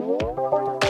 Música uhum.